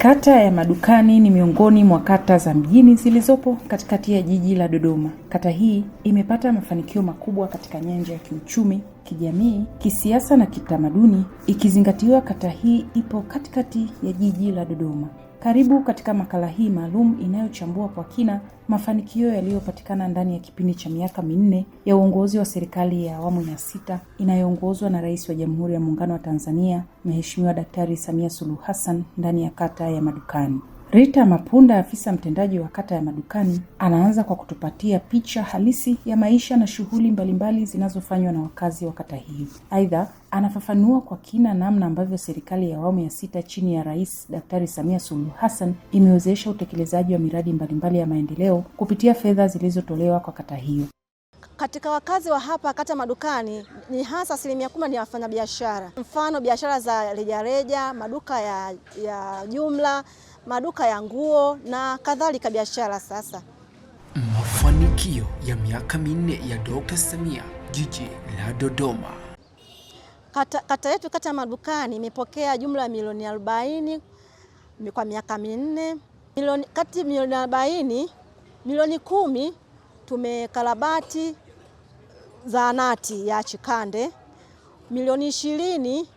Kata ya Madukani ni miongoni mwa kata za mjini zilizopo katikati ya jiji la Dodoma. Kata hii imepata mafanikio makubwa katika nyanja ya kiuchumi, kijamii, kisiasa na kitamaduni, ikizingatiwa kata hii ipo katikati ya jiji la Dodoma. Karibu katika makala hii maalum inayochambua kwa kina mafanikio yaliyopatikana ndani ya kipindi cha miaka minne ya uongozi wa serikali ya awamu ya sita inayoongozwa na Rais wa Jamhuri ya Muungano wa Tanzania Mheshimiwa Daktari Samia Suluhu Hassan ndani ya kata ya Madukani. Rita Mapunda, afisa mtendaji wa kata ya Madukani, anaanza kwa kutupatia picha halisi ya maisha na shughuli mbalimbali zinazofanywa na wakazi wa kata hii. Aidha, anafafanua kwa kina namna ambavyo serikali ya awamu ya sita chini ya Rais Daktari Samia Suluhu Hassan imewezesha utekelezaji wa miradi mbalimbali ya maendeleo kupitia fedha zilizotolewa kwa kata hiyo. Katika wakazi wa hapa kata Madukani ni hasa asilimia kubwa ni wafanyabiashara, mfano biashara za rejareja, maduka ya, ya jumla maduka ya nguo na kadhalika biashara. Sasa mafanikio ya miaka minne ya Dr. Samia jiji la Dodoma. Kata, kata yetu kata Madukani imepokea jumla ya milioni 40 kwa miaka minne. Milioni, kati milioni 40 milioni kumi tumekarabati zahanati ya Chikande, milioni ishirini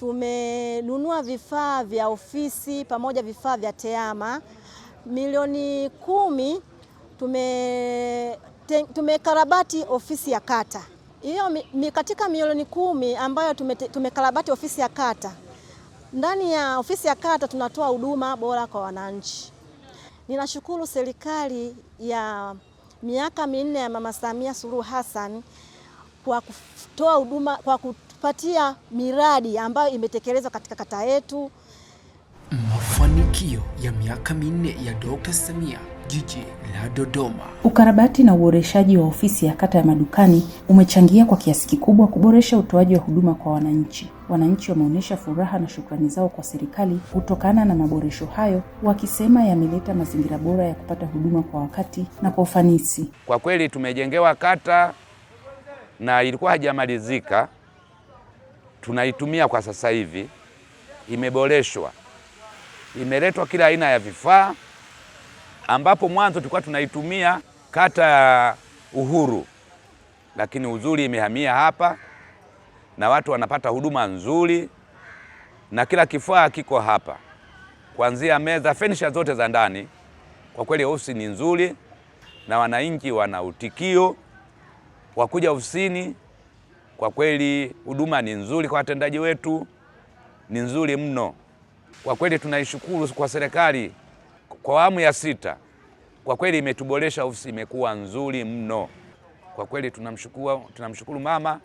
tumenunua vifaa vya ofisi pamoja vifaa vya TEHAMA milioni kumi. Tume, tumekarabati ofisi ya kata hiyo mi, katika milioni kumi ambayo tumekarabati tume ofisi ya kata, ndani ya ofisi ya kata tunatoa huduma bora kwa wananchi. Ninashukuru serikali ya miaka minne ya Mama Samia Suluhu Hassan kwa kutoa huduma kwa kutoa kutupatia miradi ambayo imetekelezwa katika kata yetu. Mafanikio ya miaka minne ya Dr. Samia jiji la Dodoma. Ukarabati na uboreshaji wa ofisi ya kata ya Madukani umechangia kwa kiasi kikubwa kuboresha utoaji wa huduma kwa wananchi. Wananchi wameonyesha furaha na shukrani zao kwa serikali kutokana na maboresho hayo, wakisema yameleta mazingira bora ya kupata huduma kwa wakati na kwa ufanisi. Kwa kweli tumejengewa kata na ilikuwa hajamalizika tunaitumia kwa sasa hivi, imeboreshwa, imeletwa kila aina ya vifaa, ambapo mwanzo tulikuwa tunaitumia kata ya Uhuru, lakini uzuri imehamia hapa na watu wanapata huduma nzuri na kila kifaa kiko hapa, kuanzia meza, fenisha zote za ndani. Kwa kweli ofisi ni nzuri na wananchi wana utikio wa kuja ofisini. Kwa kweli huduma ni nzuri kwa watendaji wetu, ni nzuri mno kwa kweli. Tunaishukuru kwa serikali kwa awamu ya sita, kwa kweli imetuboresha, ofisi imekuwa nzuri mno kwa kweli. Tunamshukuru, tunamshukuru mama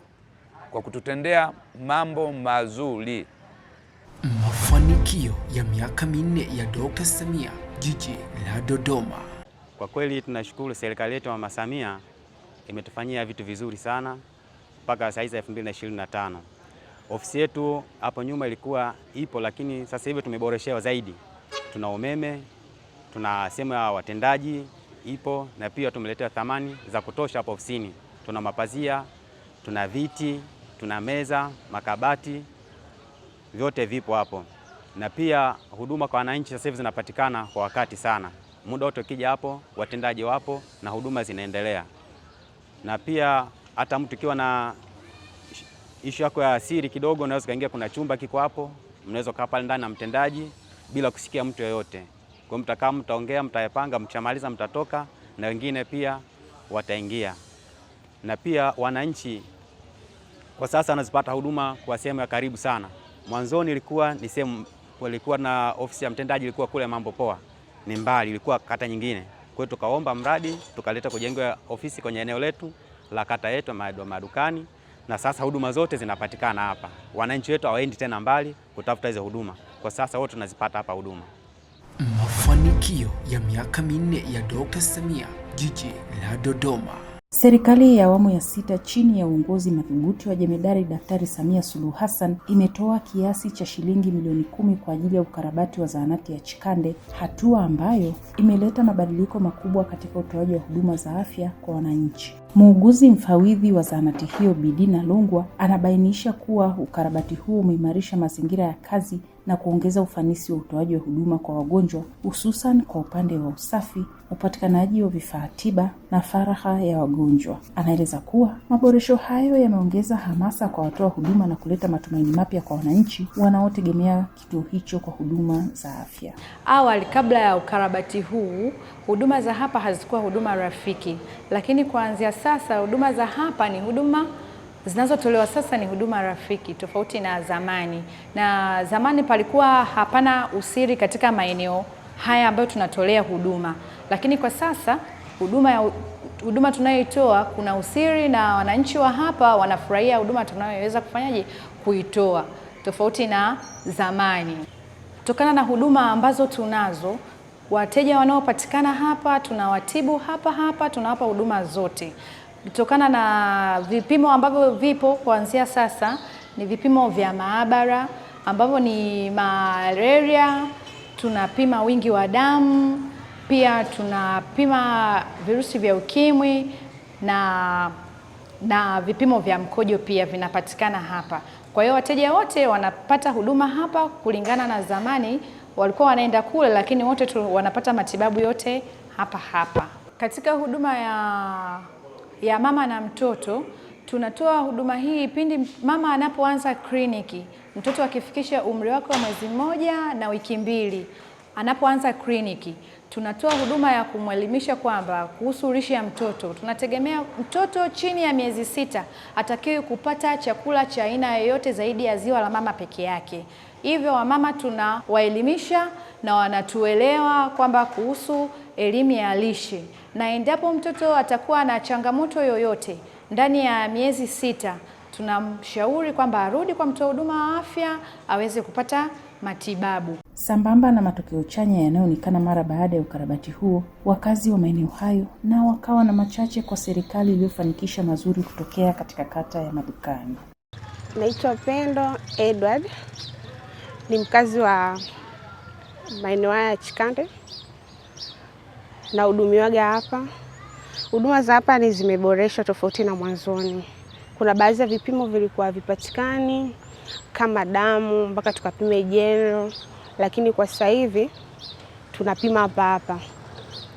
kwa kututendea mambo mazuri. Mafanikio ya miaka minne ya Dr. Samia jiji la Dodoma. Kwa kweli tunashukuru serikali yetu, mama Samia imetufanyia vitu vizuri sana mpaka saa hizi 2025. Ofisi yetu hapo nyuma ilikuwa ipo, lakini sasa hivi tumeboreshewa zaidi. Tuna umeme, tuna sehemu ya watendaji ipo, na pia tumeletea thamani za kutosha hapo ofisini. Tuna mapazia, tuna viti, tuna meza, makabati, vyote vipo hapo, na pia huduma kwa wananchi sasa hivi zinapatikana kwa wakati sana. Muda wote ukija hapo, watendaji wapo na huduma zinaendelea, na pia hata mtu kiwa na ishu yako ya siri kidogo, unaweza kaingia, kuna chumba kiko hapo, mnaweza kaa pale ndani na mtendaji bila kusikia mtu yoyote. Kwa mtakaa, mtaongea, mtayapanga, mchamaliza, mtatoka na wengine pia wataingia. Na pia wananchi kwa sasa wanazipata huduma kwa sehemu ya karibu sana. Mwanzoni ilikuwa ni sehemu, ilikuwa na ofisi ya mtendaji ilikuwa kule mambo poa, ni mbali, ilikuwa kata nyingine. Kwa hiyo tukaomba mradi, tukaleta kujenga ofisi kwenye eneo letu la kata yetu Madukani, na sasa huduma zote zinapatikana hapa. Wananchi wetu hawaendi tena mbali kutafuta hizo huduma, kwa sasa wote tunazipata hapa huduma. Mafanikio ya miaka minne ya Dr. Samia jiji la Dodoma. Serikali ya awamu ya sita chini ya uongozi madhubuti wa jemedari Daktari Samia Suluhu Hassan imetoa kiasi cha shilingi milioni kumi kwa ajili ya ukarabati wa zahanati ya Chikande, hatua ambayo imeleta mabadiliko makubwa katika utoaji wa huduma za afya kwa wananchi. Muuguzi mfawidhi wa zahanati hiyo Bidina Lungwa anabainisha kuwa ukarabati huu umeimarisha mazingira ya kazi na kuongeza ufanisi wa utoaji wa huduma kwa wagonjwa hususan kwa upande wa usafi, upatikanaji wa vifaa tiba na faraha ya wagonjwa. Anaeleza kuwa maboresho hayo yameongeza hamasa kwa watoa huduma na kuleta matumaini mapya kwa wananchi wanaotegemea kituo hicho kwa huduma za afya. Awali, kabla ya ukarabati huu, huduma za hapa hazikuwa huduma rafiki, lakini kuanzia sasa huduma za hapa ni huduma zinazotolewa sasa ni huduma rafiki tofauti na zamani. Na zamani palikuwa hapana usiri katika maeneo haya ambayo tunatolea huduma, lakini kwa sasa huduma ya huduma tunayoitoa kuna usiri na wananchi wa hapa wanafurahia huduma tunayoweza kufanyaje kuitoa tofauti na zamani. Kutokana na huduma ambazo tunazo Wateja wanaopatikana hapa tunawatibu hapa hapa, tunawapa huduma zote kutokana na vipimo ambavyo vipo kuanzia sasa. Ni vipimo vya maabara ambavyo ni malaria, tunapima wingi wa damu, pia tunapima virusi vya ukimwi na na vipimo vya mkojo pia vinapatikana hapa. Kwa hiyo wateja wote wanapata huduma hapa kulingana na zamani walikuwa wanaenda kule, lakini wote tu wanapata matibabu yote hapa hapa. Katika huduma ya, ya mama na mtoto tunatoa huduma hii pindi mama anapoanza kliniki, mtoto akifikisha umri wake wa mwezi mmoja na wiki mbili anapoanza kliniki tunatoa huduma ya kumwelimisha kwamba kuhusu lishe ya mtoto. Tunategemea mtoto chini ya miezi sita atakiwe kupata chakula cha aina yoyote zaidi ya ziwa la mama peke yake. Hivyo wamama tunawaelimisha na wanatuelewa kwamba kuhusu elimu ya lishe, na endapo mtoto atakuwa na changamoto yoyote ndani ya miezi sita, tunamshauri kwamba arudi kwa mtoa huduma wa afya aweze kupata matibabu. Sambamba na matokeo chanya yanayoonekana mara baada ya ukarabati huo, wakazi wa maeneo hayo nao wakawa na machache kwa serikali iliyofanikisha mazuri kutokea katika kata ya Madukani. Naitwa Pendo Edward, ni mkazi wa maeneo haya ya Chikande na hudumiwaga hapa. Huduma za hapa ni zimeboreshwa tofauti na mwanzoni. Kuna baadhi ya vipimo vilikuwa havipatikani kama damu mpaka tukapime jeno, lakini kwa sasa hivi tunapima hapa hapa.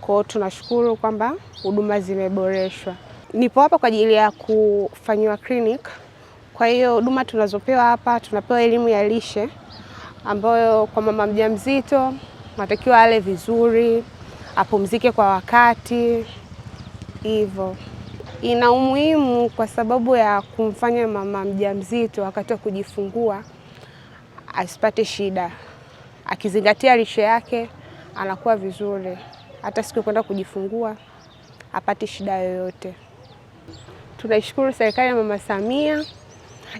Kwa hiyo tunashukuru kwamba huduma zimeboreshwa. Nipo hapa kwa ajili ya kufanyiwa clinic. Kwa hiyo huduma tunazopewa hapa, tunapewa elimu ya lishe ambayo kwa mama mjamzito natakiwa ale vizuri, apumzike kwa wakati hivyo ina umuhimu kwa sababu ya kumfanya mama mjamzito wakati wa kujifungua asipate shida. Akizingatia lishe yake anakuwa vizuri, hata siku kwenda kujifungua apate shida yoyote. Tunaishukuru serikali ya Mama Samia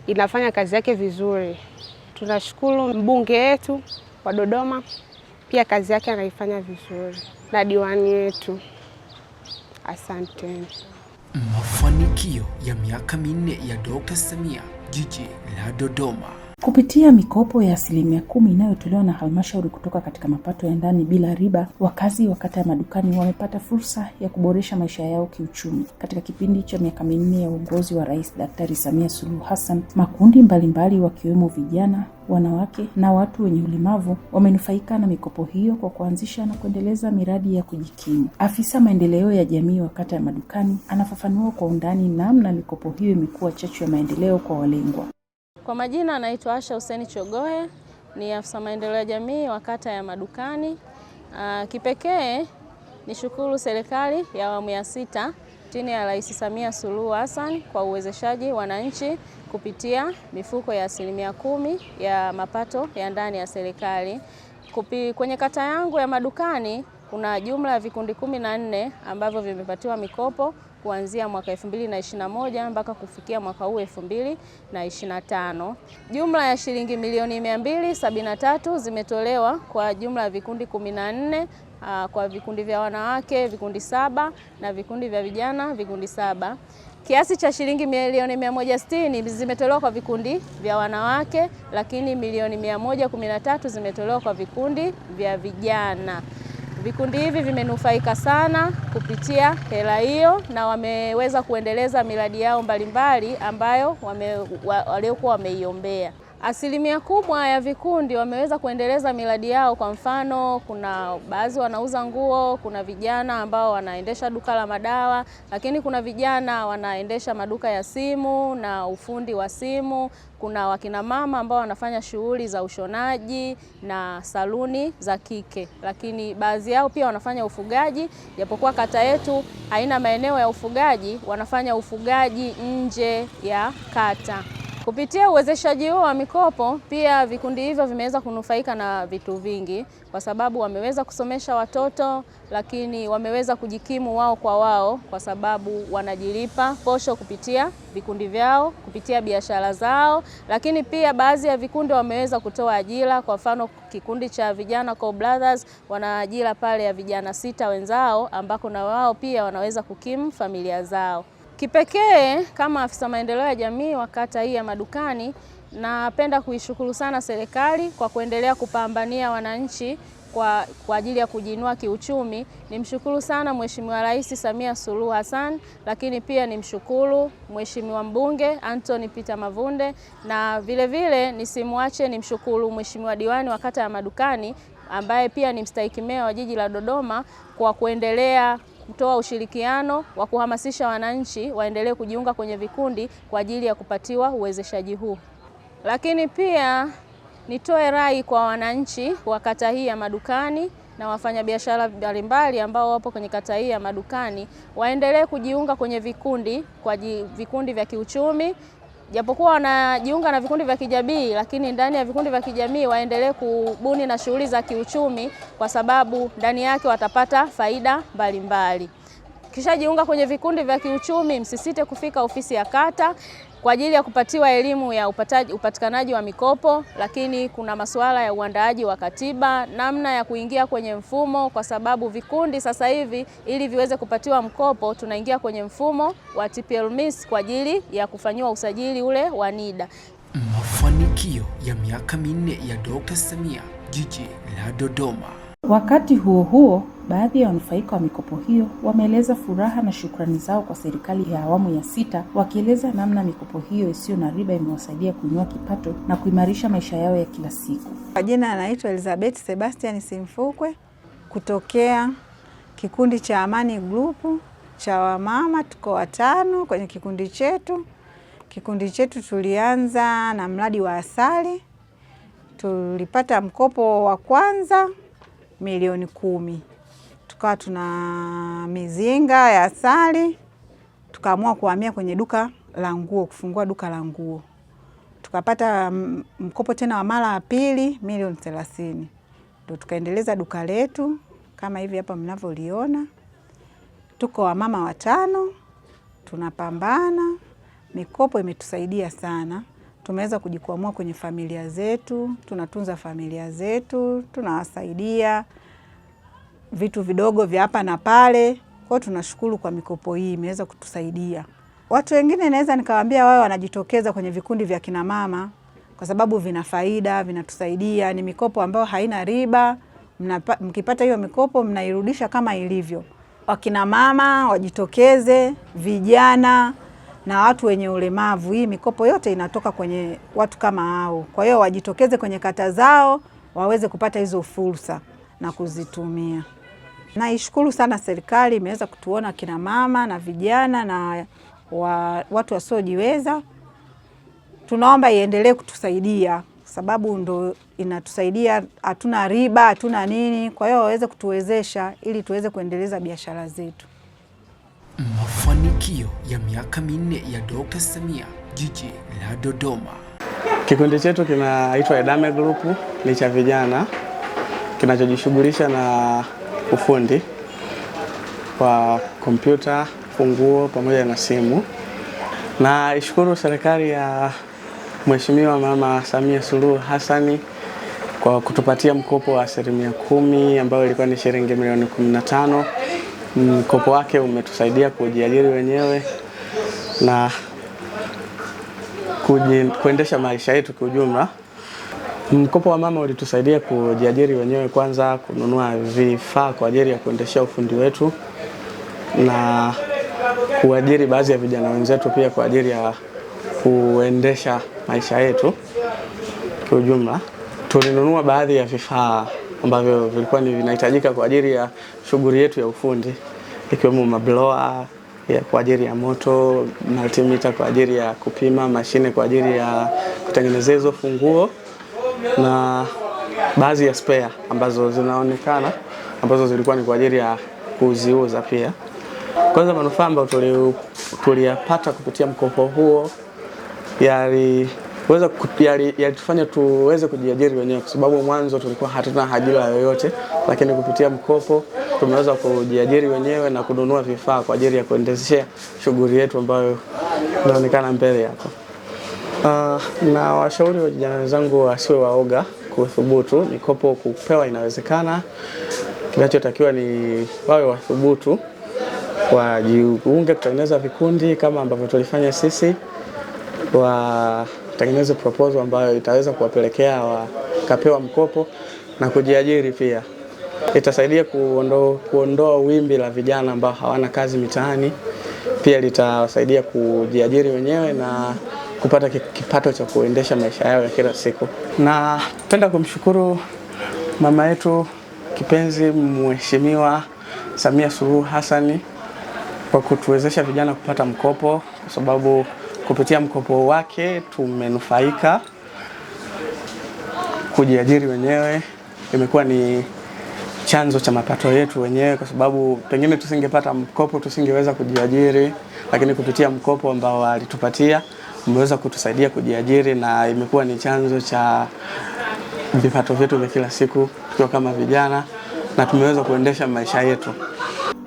inafanya kazi yake vizuri. Tunashukuru mbunge wetu wa Dodoma pia kazi yake anaifanya vizuri na diwani wetu. Asanteni. Mafanikio ya miaka minne ya Dr. Samia, jiji la Dodoma. Kupitia mikopo ya asilimia kumi inayotolewa na halmashauri kutoka katika mapato ya ndani bila riba, wakazi wa kata ya Madukani wamepata fursa ya kuboresha maisha yao kiuchumi. Katika kipindi cha miaka minne ya uongozi wa Rais Daktari Samia Suluhu Hassan, makundi mbalimbali wakiwemo vijana wanawake na watu wenye ulemavu wamenufaika na mikopo hiyo kwa kuanzisha na kuendeleza miradi ya kujikimu. Afisa maendeleo ya jamii wa kata ya Madukani anafafanua kwa undani namna mikopo hiyo imekuwa chachu ya maendeleo kwa walengwa. Kwa majina anaitwa Asha Hussein chogoe ni afisa maendeleo ya jamii wa kata ya Madukani. Ah, kipekee ni shukuru serikali ya awamu ya sita chini ya Rais Samia Suluhu Hassan kwa uwezeshaji wananchi kupitia mifuko ya asilimia kumi ya mapato ya ndani ya serikali. Kwenye kata yangu ya Madukani kuna jumla ya vikundi kumi na nne ambavyo vimepatiwa mikopo kuanzia mwaka 2021 mpaka kufikia mwaka huu 2025. Jumla ya shilingi milioni 273 zimetolewa kwa jumla ya vikundi 14 ah, kwa vikundi vya wanawake vikundi saba na vikundi vya vijana vikundi saba. Kiasi cha shilingi milioni 160 zimetolewa kwa vikundi vya wanawake, lakini milioni 113 zimetolewa kwa vikundi vya vijana. Vikundi hivi vimenufaika sana kupitia hela hiyo na wameweza kuendeleza miradi yao mbalimbali ambayo wame, waliokuwa wameiombea. Asilimia kubwa ya vikundi wameweza kuendeleza miradi yao. Kwa mfano, kuna baadhi wanauza nguo, kuna vijana ambao wanaendesha duka la madawa, lakini kuna vijana wanaendesha maduka ya simu na ufundi wa simu. Kuna wakinamama ambao wanafanya shughuli za ushonaji na saluni za kike, lakini baadhi yao pia wanafanya ufugaji. Japokuwa kata yetu haina maeneo ya ufugaji, wanafanya ufugaji nje ya kata. Kupitia uwezeshaji huo wa mikopo, pia vikundi hivyo vimeweza kunufaika na vitu vingi, kwa sababu wameweza kusomesha watoto, lakini wameweza kujikimu wao kwa wao, kwa sababu wanajilipa posho kupitia vikundi vyao, kupitia biashara zao, lakini pia baadhi ya vikundi wameweza kutoa ajira. Kwa mfano, kikundi cha vijana Co Brothers wana ajira pale ya vijana sita wenzao, ambako na wao pia wanaweza kukimu familia zao. Kipekee kama afisa maendeleo ya jamii wa kata hii ya Madukani, napenda kuishukuru sana serikali kwa kuendelea kupambania wananchi kwa, kwa ajili ya kujiinua kiuchumi. Nimshukuru sana Mheshimiwa Rais Samia Suluhu Hassan, lakini pia nimshukuru Mheshimiwa mbunge Anthony Peter Mavunde na vilevile nisimwache nimshukuru Mheshimiwa diwani wa kata ya Madukani ambaye pia ni mstahiki meya wa jiji la Dodoma kwa kuendelea kutoa ushirikiano wa kuhamasisha wananchi waendelee kujiunga kwenye vikundi kwa ajili ya kupatiwa uwezeshaji huu. Lakini pia nitoe rai kwa wananchi wa kata hii ya Madukani na wafanyabiashara mbalimbali ambao wapo kwenye kata hii ya Madukani waendelee kujiunga kwenye vikundi kwa vikundi vya kiuchumi japokuwa wanajiunga na vikundi vya kijamii, lakini ndani ya vikundi vya kijamii waendelee kubuni na shughuli za kiuchumi, kwa sababu ndani yake watapata faida mbalimbali. Kishajiunga kwenye vikundi vya kiuchumi, msisite kufika ofisi ya kata kwa ajili ya kupatiwa elimu ya upataji, upatikanaji wa mikopo, lakini kuna masuala ya uandaaji wa katiba, namna ya kuingia kwenye mfumo, kwa sababu vikundi sasa hivi ili viweze kupatiwa mkopo tunaingia kwenye mfumo wa TPL kwa ajili ya kufanyiwa usajili ule wa NIDA. Mafanikio ya miaka minne ya Dr. Samia, jiji la Dodoma. Wakati huo huo, baadhi ya wanufaika wa mikopo hiyo wameeleza furaha na shukrani zao kwa serikali ya awamu ya sita, wakieleza namna mikopo hiyo isiyo na riba imewasaidia kuinua kipato na kuimarisha maisha yao ya kila siku. Kwa jina anaitwa Elizabeth Sebastian Simfukwe kutokea kikundi cha Amani Group cha wamama, tuko watano kwenye kikundi chetu. Kikundi chetu tulianza na mradi wa asali, tulipata mkopo wa kwanza milioni kumi. Tukawa tuna mizinga ya asali, tukaamua kuhamia kwenye duka la nguo, kufungua duka la nguo. Tukapata mkopo tena wa mara ya pili milioni thelathini, ndo tukaendeleza duka letu kama hivi hapa mnavyoliona. Tuko wamama watano tunapambana, mikopo imetusaidia sana tumeweza kujikwamua kwenye familia zetu, tunatunza familia zetu, tunawasaidia vitu vidogo vya hapa na pale. Kwa hiyo tunashukuru kwa mikopo hii imeweza kutusaidia. Watu wengine naweza nikawaambia wao wanajitokeza kwenye vikundi vya kina mama kwa sababu vina faida, vinatusaidia, ni mikopo ambayo haina riba. Mnapa, mkipata hiyo mikopo mnairudisha kama ilivyo. Wakina mama wajitokeze, vijana na watu wenye ulemavu. Hii mikopo yote inatoka kwenye watu kama hao, kwa hiyo wajitokeze kwenye kata zao waweze kupata hizo fursa na kuzitumia. Naishukuru sana serikali imeweza kutuona kina mama na vijana na wa, watu wasiojiweza. Tunaomba iendelee kutusaidia sababu ndo inatusaidia, hatuna riba hatuna nini, kwa hiyo waweze kutuwezesha ili tuweze kuendeleza biashara zetu. Mafanikio ya miaka minne ya Dr. Samia jiji la Dodoma. Kikundi chetu kinaitwa Edame Group, ni cha vijana kinachojishughulisha na ufundi kwa kompyuta, funguo pamoja na simu. Na ishukuru serikali ya Mheshimiwa Mama Samia Suluhu Hassani kwa kutupatia mkopo wa asilimia kumi ambayo ilikuwa ni shilingi milioni 15 mkopo wake umetusaidia kujiajiri wenyewe na kuendesha maisha yetu kiujumla. Mkopo wa mama ulitusaidia kujiajiri wenyewe, kwanza kununua vifaa kwa ajili ya kuendeshea ufundi wetu na kuajiri baadhi ya vijana wenzetu pia kwa ajili ya kuendesha maisha yetu kiujumla. Tulinunua baadhi ya vifaa ambavyo vilikuwa ni vinahitajika kwa ajili ya shughuli yetu ya ufundi ikiwemo mabloa kwa ajili ya moto, multimeter kwa ajili ya kupima, mashine kwa ajili ya kutengenezea hizo funguo na baadhi ya spare ambazo zinaonekana ambazo zilikuwa ni kwa ajili ya kuziuza pia. Kwanza, manufaa ambayo tuliyapata kupitia mkopo huo yali kuweza yalitufanya tuweze kujiajiri wenyewe, kwa sababu mwanzo tulikuwa hatuna ajira yoyote, lakini kupitia mkopo tumeweza kujiajiri wenyewe na kununua vifaa kwa ajili ya kuendeshea shughuli yetu ambayo inaonekana mbele yako. Uh, na washauri vijana wenzangu wasiwe waoga kuthubutu. Mikopo kupewa inawezekana, kinachotakiwa ni wawe wathubutu, wajiunge kutengeneza vikundi kama ambavyo tulifanya sisi wa tutengeneze proposal ambayo itaweza kuwapelekea wakapewa mkopo na kujiajiri pia. Itasaidia kuondoa, kuondoa wimbi la vijana ambao hawana kazi mitaani, pia litawasaidia kujiajiri wenyewe na kupata kipato cha kuendesha maisha yao ya kila siku. Napenda kumshukuru mama yetu kipenzi Mheshimiwa Samia Suluhu Hassan kwa kutuwezesha vijana kupata mkopo kwa sababu Kupitia mkopo wake tumenufaika kujiajiri wenyewe, imekuwa ni chanzo cha mapato yetu wenyewe, kwa sababu pengine tusingepata mkopo tusingeweza kujiajiri, lakini kupitia mkopo ambao alitupatia umeweza kutusaidia kujiajiri, na imekuwa ni chanzo cha vipato vyetu vya kila siku tukiwa kama vijana, na tumeweza kuendesha maisha yetu.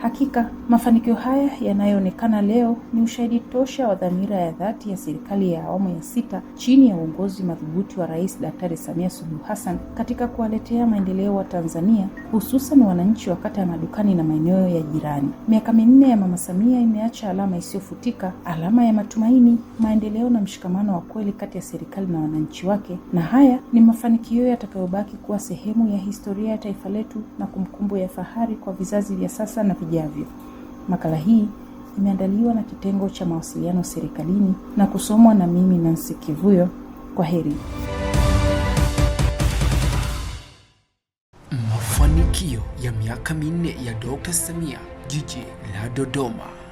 Hakika mafanikio haya yanayoonekana leo ni ushahidi tosha wa dhamira ya dhati ya serikali ya awamu ya sita chini ya uongozi madhubuti wa Rais Daktari Samia Suluhu Hassan katika kuwaletea maendeleo wa Tanzania, hususan wananchi wa kata ya Madukani na maeneo ya jirani. Miaka minne ya Mama Samia imeacha alama isiyofutika, alama ya matumaini, maendeleo na mshikamano wa kweli kati ya serikali na wananchi wake, na haya ni mafanikio yatakayobaki kuwa sehemu ya historia ya taifa letu na kumbukumbu ya fahari kwa vizazi vya sasa na vijana vijavyo. Makala hii imeandaliwa na kitengo cha mawasiliano serikalini na kusomwa na mimi Nancy Kivuyo. Kwa heri. Mafanikio ya miaka minne ya Dr. Samia, jiji la Dodoma.